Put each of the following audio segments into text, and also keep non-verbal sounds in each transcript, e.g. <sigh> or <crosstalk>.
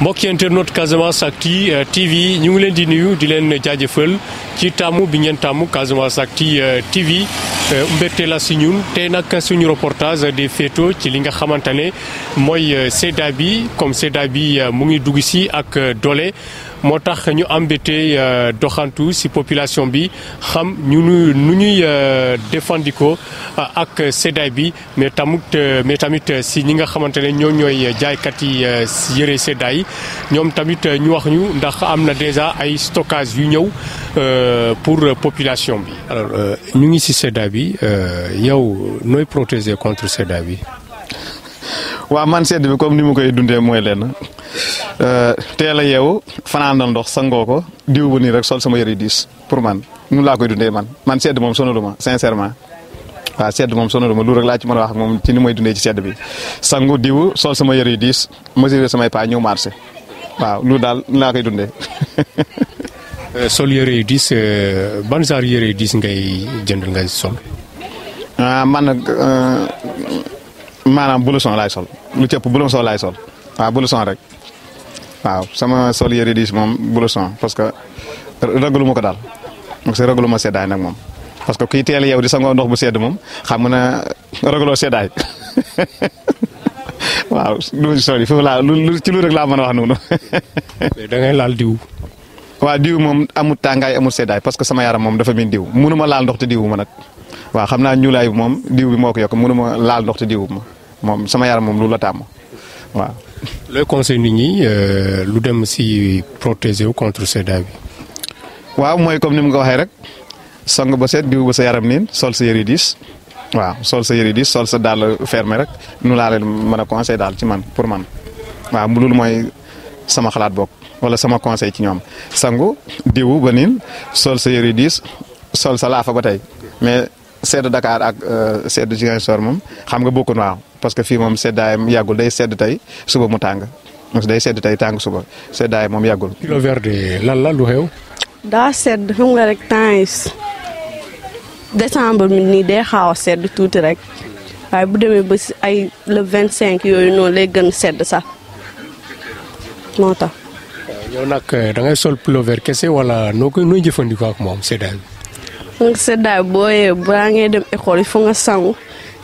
mbokki internet Casamance Actu euh, TV ñu ngi leen di nuyu di leen jaajëfal ci taamu bi ñeen taamu Casamance Actu euh, TV euh, mbégte la si ñun tey nag suñu reportage di féeto ci li nga xamante ne mooy sedda bi comme sedda bi mu ngi dugg si ak dole moo tax ñu ambité euh, doxantu si population bi xam ñu nu ñuy euh, défendikoo euh, ak seddaay bi mais tamit mais tamit si ñi nga xamante ne ñoo ñooy jaaykat yi yëre seddaay yi ñoom tamit ñu wax ñu ndax am na déjà ay stockage yu ñëw pour population bi. alors ñu ngi si seddaay bi yow nooy protéger contre seddaay bi. wa man sedd bi comme ni mu koy dundee mooy lenn euh, teel a yew fanaanal ndox sangoko ko diw bu ni rek sol sama yéré diis pour man nu la koy dundé man man sedd moom sonaluma sincèrement wa sedd mom sonaluma lu rek la ci mëna wax mom ci ni dundé ci sedd bi sangu diw sol sama yéré diis mesuré sama pa ñu marché wa lu dal la koy dundé euh, sol yéré yu euh, ban sar yéré yu ngay jënd ngay sol. Ah, man maanaam blouson laay sol lu cëpp blouson laay sol waaw blouson rek waaw sama sol yëre diis moom blouson parce que ragalu ma ko daal parce que ragalu ma seddaay nag moom. parce que kuy teel yow di sangoo ndox bu sedd moom xam na ragaloo seddaay <laughs> waaw lu sori laa ci lu rek laa mën a wax noonu. <laughs> da ngay laal diw. waaw diw moom amul tàngaay amul seddaay parce que sama yaram moom dafa miin diw mënuma laal ndox te diw ma nag. waaw xam naa ñuulaay bi moom diw bi moo ko yokk mënuma laal ndox te diw ma moom sama yaram moom lu la tàmm waaw. looy conseil nit ñi euh, lu dem si protéger wu contre sida bi. waaw mooy comme ni mu ko waxee rek song ba seet diw ba sa yaram niin sol sa yëri diis waaw sol sa yëri diis sol sa dàll fermé rek nu laa leen mën a conseil daal ci man pour man waaw loolu mooy sama xalaat bokk wala sama conseil ci ñoom sangu diw ba niin sol sa yëri diis ba tey mais. sedd Dakar ak euh, sedd Ziguinchor moom xam nga bokkun waaw parce que fii moom mu yàggul day sedd tey suba mu tàng day sedd tey tàng suba seddaay moom yàggul. kilo verde lan la lu xew. daa sedd xam nga rek temps décembre mi nii day xaaw sedd tuuti rek waaye bu demee ba si ay le vingt cinq yooyu noonu lay gën sedd sax moo tax. yow nag euh, da ngay sol pull kese wala noo koy nooy jëfandikoo ak moom seddaay bi donc seddaay boo yee balaa ngay dem école il faut nga sangu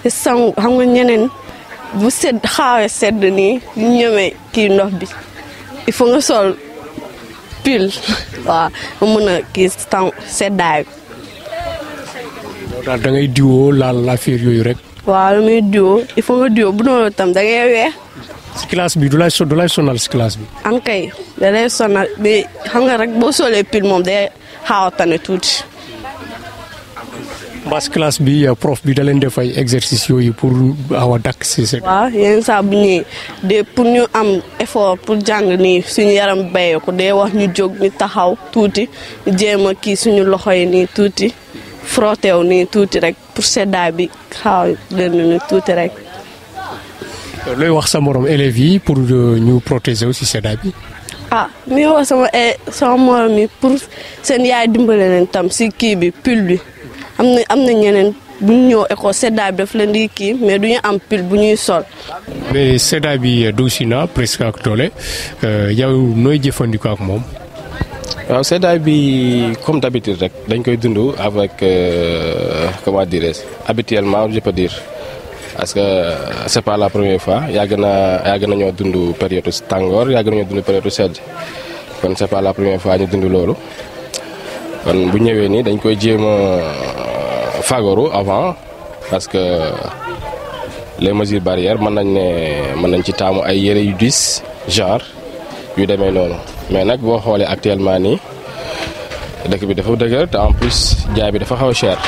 e te sangu xam nga ñeneen bu sedd xaawee sedd nii ñu ñemee kii ndox bi il faut nga sol pull <laughs> waaw nga mën a kii tan seddaay bi. daal da ngay diwoo laal affaire yooyu rek. waaw lu muy diwoo il faut nga diwoo bu noonu tam da ngay weex. si classe bi du lay du lay sonal si classe bi. am kay da lay sonal mais xam nga rek boo solee pull moom day xaaw tane tuuti. parce que classe bi euh, prof bi da leen def ay exercices yooyu pour aw a dakk si seen. bu ñëwee de pour ñu am effort pour jàng nii suñu yaram béyee ko day wax ñu jóg ñu taxaw tuuti jéem a kii suñu loxo yi nii tuuti frotté wu nii tuuti rek pour bi xaaw leen nii tuuti rek. looy wax sa morom élèves yi pour euh, ñu protéger aussi seddaay bi. ah mi wax sama eh, sama morom yi pour seen yaay dimbale leen tam si kii bi pile bi. am na am na ñeneen bu ñu ñëw école seddaay bi daf leen di kii mais du ñu am pile bu ñuy sol. mais seddaay bi dugg si na presque ak doole euh, yow nooy jëfandikoo ak moom. waaw seddaay bi comme d'habitude rek dañ koy dund avec euh, comment dirais-je habituellement je peux dire parce que euh, c'est pas la première fois yàgg na yàgg nañoo dund période tàngoor yàgg nañoo dund période sedd kon c'est pas la première fois ñu dund loolu kon bu ñëwee nii dañ koy jéem fagaru avant parce que les mesures barrières man nañ né man nañ ci tamu ay yéré yu dis genre yu démé non mais nak bo xolé actuellement ni dëkk bi dafa dëgër té en plus jaay bi dafa xaw cher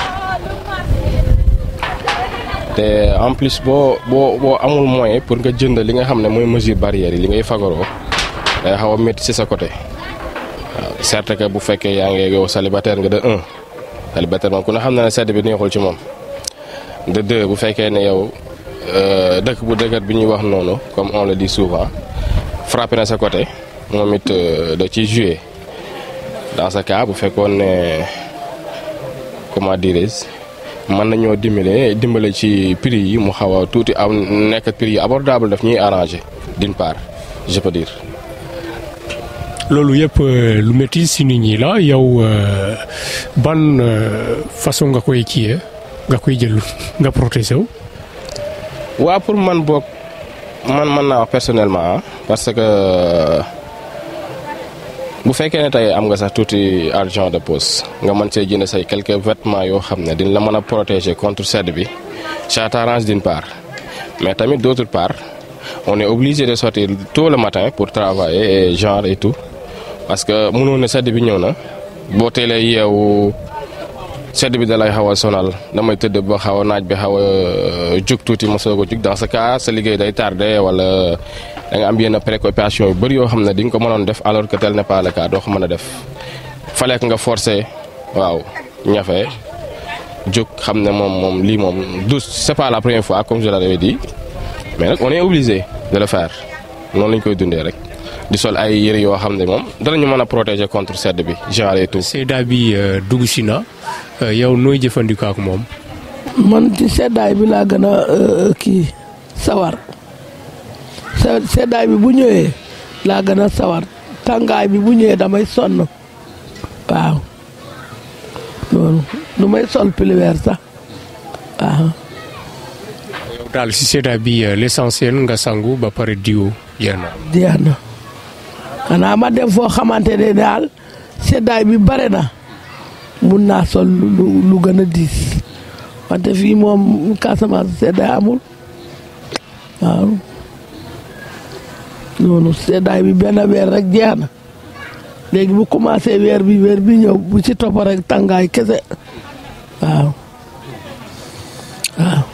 té en plus bo bo bo amul moyen pour nga jënd li nga xamné moy mesures barrières yi li ngay fagaroo day xaw metti ci sa côté certes que bu fekkee yaa ngi yow célibataire nga de 1 Albert moom ku ne xam na sedd bi neexul ci moom de deux bu fekkee ne yow euh, dëkk bu dëgër bi ñuy wax noonu comme on le dit souvent frappé na sa côté moom it euh, da ciy joué dans ce bu fekkoon ne comment dirais-je mën nañoo dimbale dimbale ci prix yi mu xaw a tuuti am nekk prix yi abordable daf ñuy arrangé d'une part je peux dire. loolu yëpp euh, lu métti si nit ñi la yow euh, ban euh, façon nga koy kiiyee eh, nga <laughs> koy jël nga protéger wu. pour man man wax personnellement parce que bu fekkee ne tey am nga sax tuuti argent de poche nga mën see jënd say quelques vêtements yoo xam ne dina protéger contre cette bi ça t'arrange d'une part mais tamit d'autre part on est obligé de sortir tôt le matin pour travailler et genre et tout parce que mënoon na sedd bi ñëw na boo teelee yeewu sedd bi dalay xaw a sonal damay tëdd ba xaw a naaj bi xaw a euh, jug tuuti ma soog a jug dans ce cas sa liggéey day tardé wala da nga am yenn préoccupation yu bëri yoo xam ne di nga ko mënoon def alors que tel n'est pas le cas doo ko mën a def faleek nga forcé waaw ñafe jóg xam ne moom moom lii moom du c'est pas la première fois comme je l'avais dit mais nag on est obligé de le faire noonu lañ koy dundee rek di sol ay yére yoo xam ne moom danañu mën a protéger contre sedd bi genre et tout. sedda bi euh, dugg si na euh, yow nooy jëfandikoo ak moom. man ci seddaay bi laa gën a euh, kii sawar seddaay bi bu ñëwee laa gën a sawar tàngaay bi bu ñëwee damay sonn waaw loolu may sol piliweer sax waaw. daal si seddaay bi l'essentiel nga sangu ba pare diwo jeex na. jeex na. xanaa ma dem foo xamante ne daal seddaay bi bare na mun naa sol lu gën a diis wante fi moom Casamance seddaay amul waaw noonu seddaay bi benn weer rek jeex na léegi bu commencé weer bi weer bi ñëw bu ci topp rek tàngaay kese waaw waaw.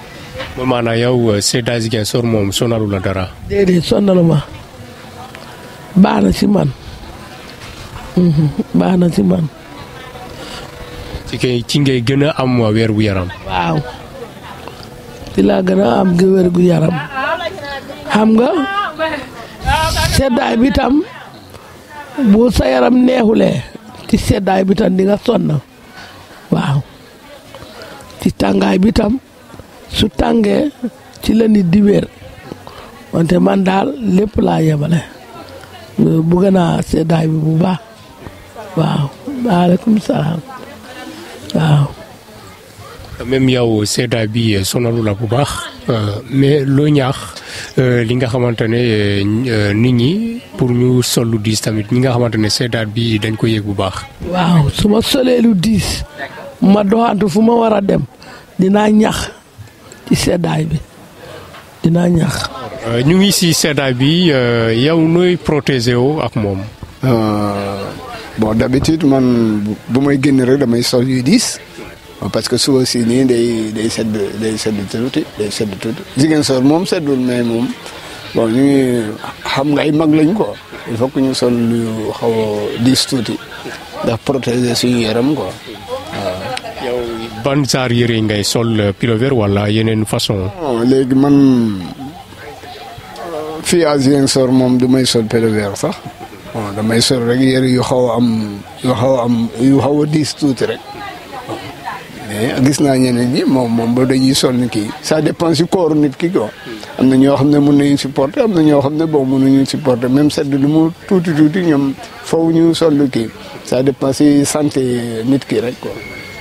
moom maanaam yow euh, seddaay Ziguinchor moom sonalu dara. déedéet sonalu baax na ci man mhm, baax na ci man. ci kay ci ngay gën a am wér yaram. waaw ci laa gën a am wér gu yaram xam nga seddaay bitam tam bu sa yaram neexulee ci seddaay bitam tam di nga sonn waaw ci tàngaay bitam su tàngee ci la nit di wér wante man daal lépp laa yemale. bëgg naa seddaay bi bu baax waaw waaleykum salaam waaw. même yow seddaay bi sonalu la bu baax euh, mais loo ñaax euh, li nga xamante ne euh, nit ñi pour ñu sol lu diis tamit ñi nga xamante ne seddaay bi dañ ko yéeg bu baax. waaw su ma solee diis ma doxantu fu ma war a dem dinaa ñax ci seddaay bi. Nous, euh, ici, ñu ngi si bi euh, euh, bon d'habitude man bu may rek damay sol parce que des des des mais bon ñu xam mag lañ il faut que ñu sol xaw a diis tuuti ndax quoi ban façon. léegi man fii à Ziguinchor moom du may sol pelle vert sax bon damay sol rek yére yu xaw a am yu xaw a am yu xaw a diis tuuti rek mais gis naa ñeneen ñi moom moom ba dañuy sol ni kii ça dépend si kooru nit ki am na ñoo xam ne mun nañu supporter am na ñoo xam ne bon mënuñu supporter même sedd lu mu tuuti tuuti ñoom foofu ñu sol kii ça dépend si santé nit ki rek quoi.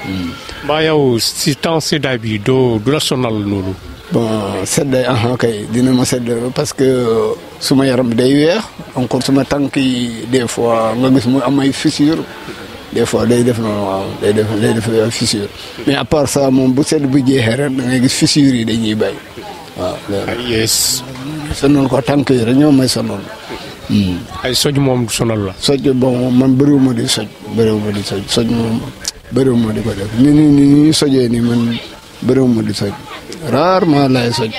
Hmm. mbaa yow si temps seddaay bi doo du la sonal loolu. bon sedday aha kay dina ma sedd parce que suma yaram bi day eh. weex encore suma tank yi des fois nga gis mu am ay fissure des fois day def non waaw day def day def fissure mais à part ça moom bu sedd bu da ngay gis fissure yi dañuy bay waaw ah, yes sonal ko tank yi rek ñoo may sonal hmm. ay ah, soj moom sonal la soj bon man ma di soj ma di soj soj moom ma di ko def ni ni ni sojee ni man bëriwuma di soj Rar ma laay sëñ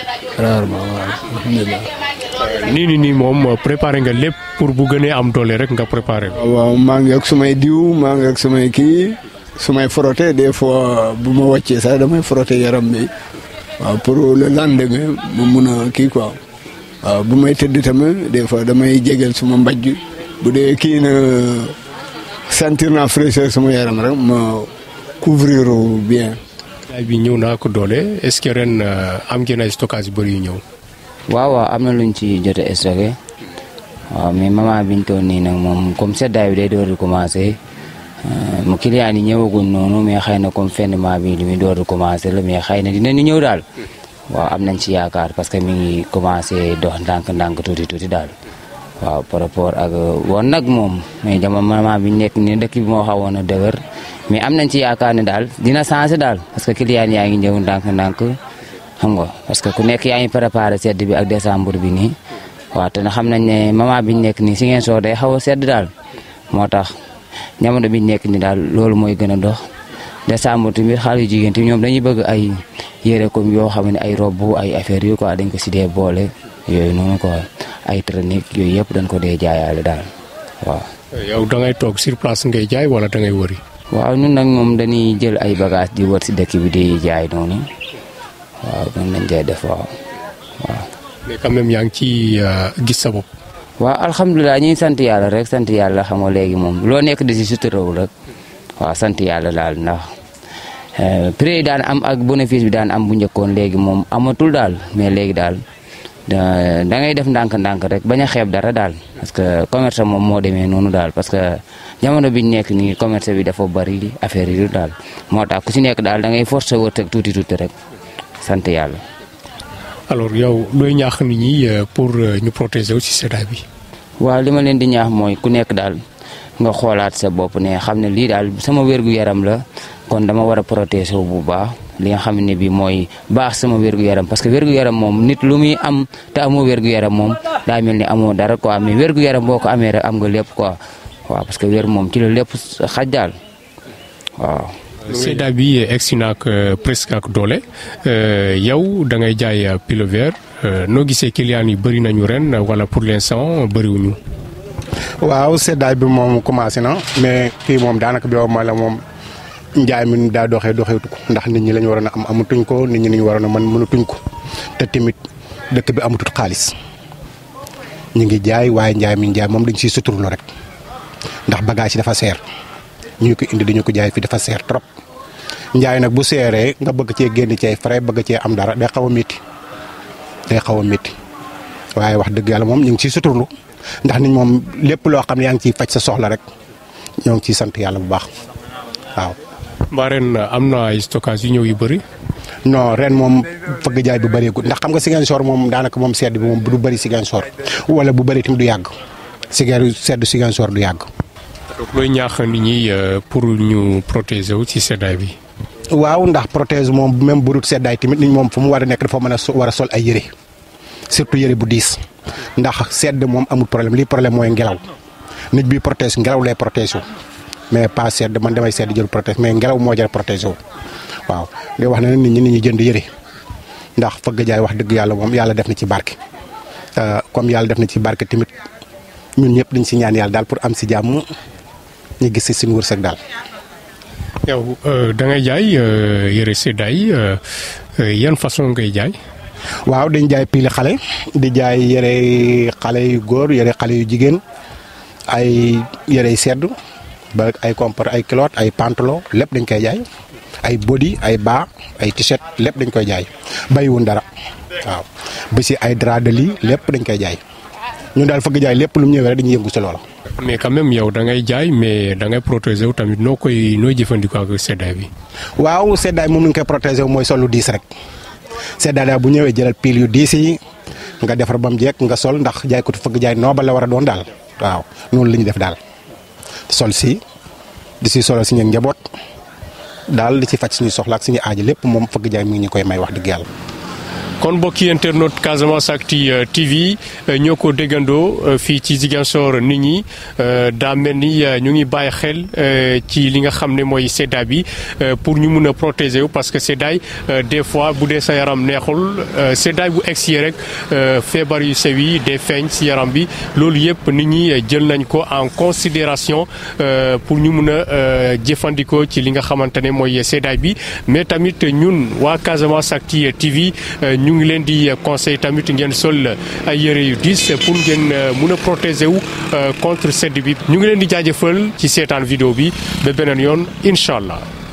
rare ma waaw alhamdulilah nii nii nii moom euh, préparé nga lépp pour bu gënee am doole rek nga préparé ko ah, waaw maa ngi ak sumay diw maa ngi ak sumay kii sumay frotté des fois bu ma wàccee sax damay frotté yaram bi waaw pour le lendemain ma mun a kii quoi waaw bu may tëdd tamit des fois damay jégal suma mbajj bu dee kii na sentir naa fraîcheur suma yaram rek ma couvrir bien ay bi ñëw naa ko doole est euh, am ngeen ay stockage yu bëri yu ñëw. waaw waaw am na ci jot a stocké waaw mais maman biñ toll nii nag moom comme seddaay bi day door di commencé euh, mu client yi ñëwaguñ noonu mais xëy na kom fenn ma bi li muy door di commencé la mais xëy na dinañu ñëw daal. waaw am nañ ci yaakaar parce que mi ngi commencé dox ndànk-ndànk tuuti tuuti daal. waaw par rapport ak woon nag moom mais jamono maman biñ nekk nii dëkk bi moo xawoon a dëgër. mais am nañ ci yaakaar ne daal dina changé daal parce que client yaa ngi ñëw ndànk-ndànk xam nga parce que ku nekk yaa ngi préparé sedd bi ak décembre bi nii waaw te xam nañ ne bi biñ nekk nii si ngeen soo day xaw a sedd daal moo tax jamono biñ nekk ni daal loolu mooy gën a dox décembre tamit xale yu jigéen tamit ñoom dañuy bëgg ay yére comme yoo xam ne ay robb ay affaire yu ko dañ ko si dee boole yooyu noonu ko ay tranique yooyu yëpp dañ ko dee jaayaale daal waaw ñun nag moom dañuy jël ay bagage di wër si dëkk bi di jaay noonu waaw noonu lañ def waaw waaw. mais quand même yaa euh, gis sa bopp. waaw ñuy sant yàlla rek sant yàlla xam nga léegi moom loo nekk di si suturawul rek waaw sant yàlla daal ndax euh, prix daan am ak bénéfice bi daan am bu njëkkoon léegi moom amatul daal mais léegi daal. da ngay def ndank ndank rek baña xeb dara dal parce que commerce mom mo démé nonu dal parce que jamono biñ nek ni commerce bi dafa bari affaire yi dal motax ku ci nek dal da ngay forcer ak touti touti rek sante yalla alors yow loy ñaax nit ñi euh, pour euh, ñu protéger ci si seddaay bi. wa lima len di ñaax moy ku nek dal nga xolaat sa bop ne xamne li dal sama wergu yaram la kon dama wara protéger bu baax li nga xam bi moy mooy baax sama wergu yaram parce que wergu yaram mom nit lu mi am ta amo wergu yaram mom da melni ni dara quoi mais wergu yaram boko amé rek am nga lepp quoi wa parce que wer mom ci lepp lépp wa c'est waaw. Seyda bi euh, presque ak euh yow da ngay jaay euh, pilo vert euh, no gisee client yi bari nañu ren wala pour l'instant wuñu waaw bi mom commencé na mais ki mom danaka bi mom la mom njaay mi daa doxee doxeetu ko ndax nit ñi lañ waroon a am amatuñ ko nit ñi ñu waroon a mën mënatuñ ko te tamit dëkk bi amatut xaalis ñu ngi jaay waaye njaay mi njaay moom dañ siy suturlu rek ndax bagage yi dafa seer ñu ko indi dañu ko jaay fi dafa seer trop njaay nag bu seeree nga bëgg cee génn cee frais bëgg cee am dara day xaw a métti day xaw a métti waaye wax dëgg yàlla moom ñu ngi ciy suturlu ndax nit moom lépp loo xam ne yaa ngi ciy faj sa soxla rek ñoo ngi ciy sant yàlla bu baax waaw mbaa ren eh, am na ay stockage yu ñëw yu bëri. non ren moom fëgg jaay bu bëreegut ndax xam nga Ziguinchor moom daanaka moom sedd bi moom du bëri Ziguinchor wala bu bëri itam du yàgg sigaru sedd Ziguinchor du yàgg. donc looy ñaax nit ñi eh, pour ñu protéger wu ci seddaay bi. waaw ndax protéger moom même bu dul seddaay tamit nit moom fu mu war a nekk dafa mën a war a sol ay yëre surtout yëre bu diis ndax sedd moom amul problème lii problème mooy ngelaw nit bi protéger ngelaw lay protéger mais pas sedd man damay sedd jël protège mais ngelaw mo jël protège waaw li wax na nit ñi nit ñi jënd yëri ndax fëgg jaay wax dëgg yàlla moom yàlla def na ci barke euh, comme yàlla def na ci barke timit ñun ñëpp dañ ci ñaan yàlla daal pour am si jàmm ñu gis si suñu wërsëg daal yow euh, da ngay jaay euh, yëre seddaay yan façon ngay jaay waaw dañ jaay pile xale di jaay yere xale yu góor yere xale yu jigéen ay yere sedd balik ay compor ay kilot ay pantalon lépp dañ koy jaay ay body ay ba ay t-shirt lépp dañ koy jaay bayiwun dara waaw ba ci ay drap de lit lépp dañ koy jaay ñun dal fëgg jaay lépp lu ñëw rek dañ yëngu ci loola mais quand même yow da ngay jaay mais da ngay protéger wu tamit nokoy koy jëfëndiko ak sédday bi waaw sédday moom ñu koy protéger moy solo 10 rek sédday daal bu ñëwé jëral pile yu 10 yi nga defar bam jekk nga sol ndax jaay ko fëgg jaay no ba la wara doon dal waaw non la def dal sol si di si solo suñu njaboot daal di si faj suñuy soxla ak suñu aaji lépp moom fëgg jaay mi ngi ñu koy may wax dëgg yàlla. kon mbokki internet Casamance Actu euh, TV euh, ñoo ko déggandoo euh, fii ci Ziguinchor nit ñi daa mel ni ñu ngi bàyyi xel ci li nga xam ne mooy sedda bi pour ñu mun a protéger wu parce que seddaay des fois bu dee sa yaram neexul seddaay bu egsi rek feebar yu sew yi dee feeñ si yaram bi loolu yépp nit ñi jël nañ ko en considération pour ñu mun a jëfandikoo ci li nga xamante ne mooy seddaay bi mais tamit ñun waa Casamance Actu TV ñu ñu ngi leen di conseil tamit ngeen sol ay yëre yu diis pour ngeen euh, mun a protéger wu euh, contre sedd bi ñu ngi leen di jaajëfal ci seetaan vidéo bi ba beneen yoon incha allah.